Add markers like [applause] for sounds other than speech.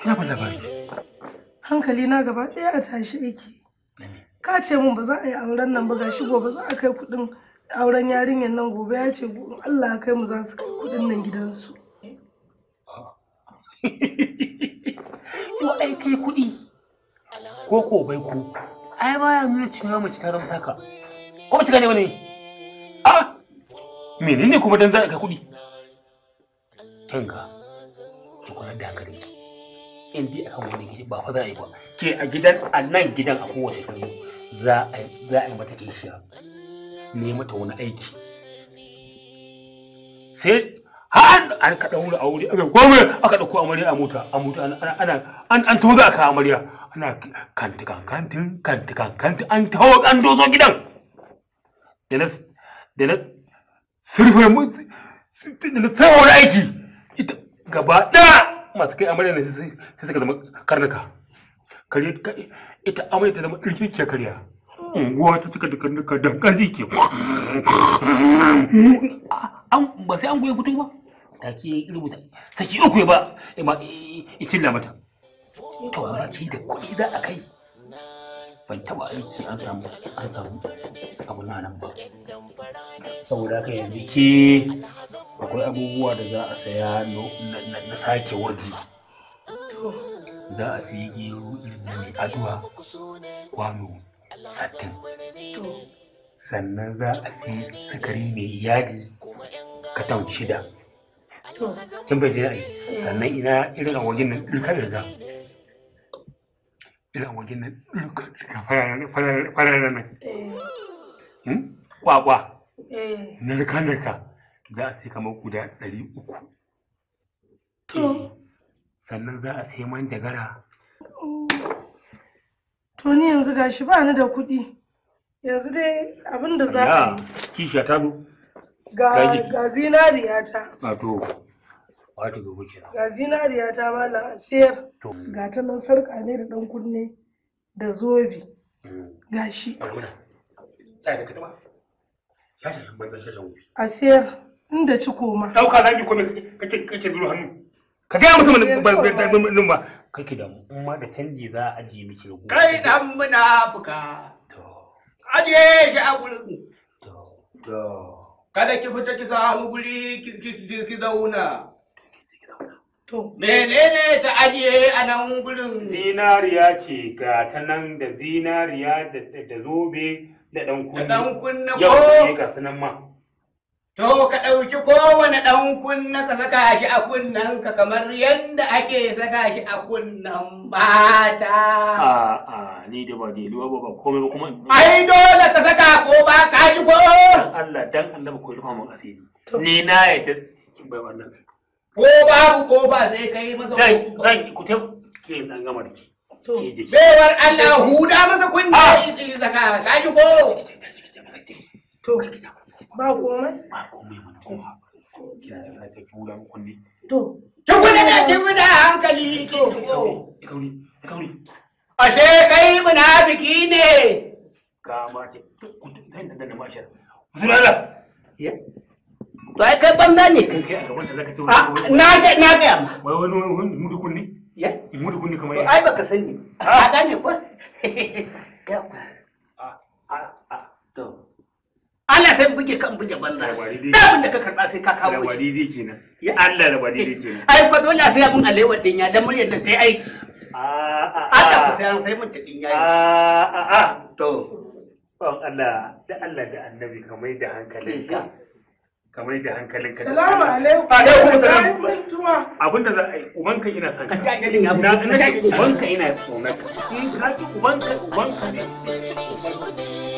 Kina ba labari. Hankali na gaba ɗaya a tashi yake. Ka ce mun ba za a yi auren nan ba ga shi gobe za a kai kuɗin auren yarinyar nan gobe ya ce Allah kai mu za su kai kuɗin nan gidansu. [laughs] Ko ai kai kuɗi ko ko bai ku. Ai ba ya nuna cewa mace ta ramta ka. Ko ba ta gane wani? A menene kuma dan za a kai kuɗi? Kanka, ki kula da hankalinki. in dai akan wani gidi ba fa za a yi ba ke a gidan a nan gidan a kowace fanni za a yi mata kishiya ne mata wani aiki sai har an ka a aure aka gome aka dauko amarya a mota a mota ana an an tozo aka amarya ana kanti kankantin kanti kankantin an tawo an dozo gidan da na da na sirfe mu da na tawo aiki ita gaba ɗaya. masu kai amarya ne sai suka zama karnuka kare ita amarya ta zama irkikiya karya unguwa ta cika da karnuka dankali ke ba sai an goye fito ba take rubuta saki uku ba ma icilla mata to ba wani da kuɗi za a kai ban taba aiki an samu an samu abu na nan ba saboda haka yanzu ke akwai abubuwa da za a saya na sake waje za a sayi gero irin na mai aduwa kwano satin, sannan za a fi sukari mai yadi katon shida kin bai je sannan ina irin a wajen nan ɗirka ɗirka irin wajen nan da fara fararen nan eh. hmm? kwakwa eh. narka narka za a sai kamar guda ɗari uku eh, sannan za a sai manjagara to ni yanzu gashi ba ni da kuɗi yanzu dai abin da za a yi kisha ta zo ga zinariya ah, ta wato wato ga wuce ga zinariya ta ba a siyar ga ta nan sarƙa ne da ɗan kunne da zobe hmm. gashi a siyar inda ci koma dauka zabi ko kake kake zuru hannu ka ga mutum nan ba kake da mu ma da canji za a ajiye miki rubu kai dan muna buka to aje shi a gurin to to kada ki fita ki samu guri ki zauna To. Menene ta ajiye a nan gurin? Zinariya ce ga ta nan da zinariya da zobe da ɗan kunne. Da kunne ko? Yau ne ga ma. To ka ɗauki kowane ɗan kunna ka saka shi a kunnan ka kamar yadda ake saka shi a kunnan bata. A'a ni da ba ni ba ba komai ba kuma. Ai dole ka saka ko ba ka ji ko. Allah dan Allah ba ko rufa mun asiri. Ni na yadda bai wannan. Ko babu ko ba sai kai masa. Dan dan ku ta ke dan gama da ke. Bewar Allah huda masa kunna. Ah! Ka ji ko. To. ba komai ba komai mana kuma kina jin na ce tura ne to ki gudu da ki a hankali kauri kauri ashe kai munafiki ne ka ma ce kudu ma shar ya to ai kai ne kai a zaka ce ah, na ga na ga ma wai wani kunni ya kunni kamar ai baka sani ah. gane ko [laughs] ya sai buge kan buge banza da abin da ka karba sai ka kawo shi da kenan ya Allah rawa dai kenan ai fa dole sai abin alewa din ya dan muryar nan ta yi aiki Allah ku sai sai mun ta yayi a a to ban Allah da Allah da annabi ka mai da hankalinka ka mai da hankalinka salamu alaikum alaikum salam abinda za a yi ubanka ina son ka na ubanka ina tsonaka ka ji ubanka ubanka ne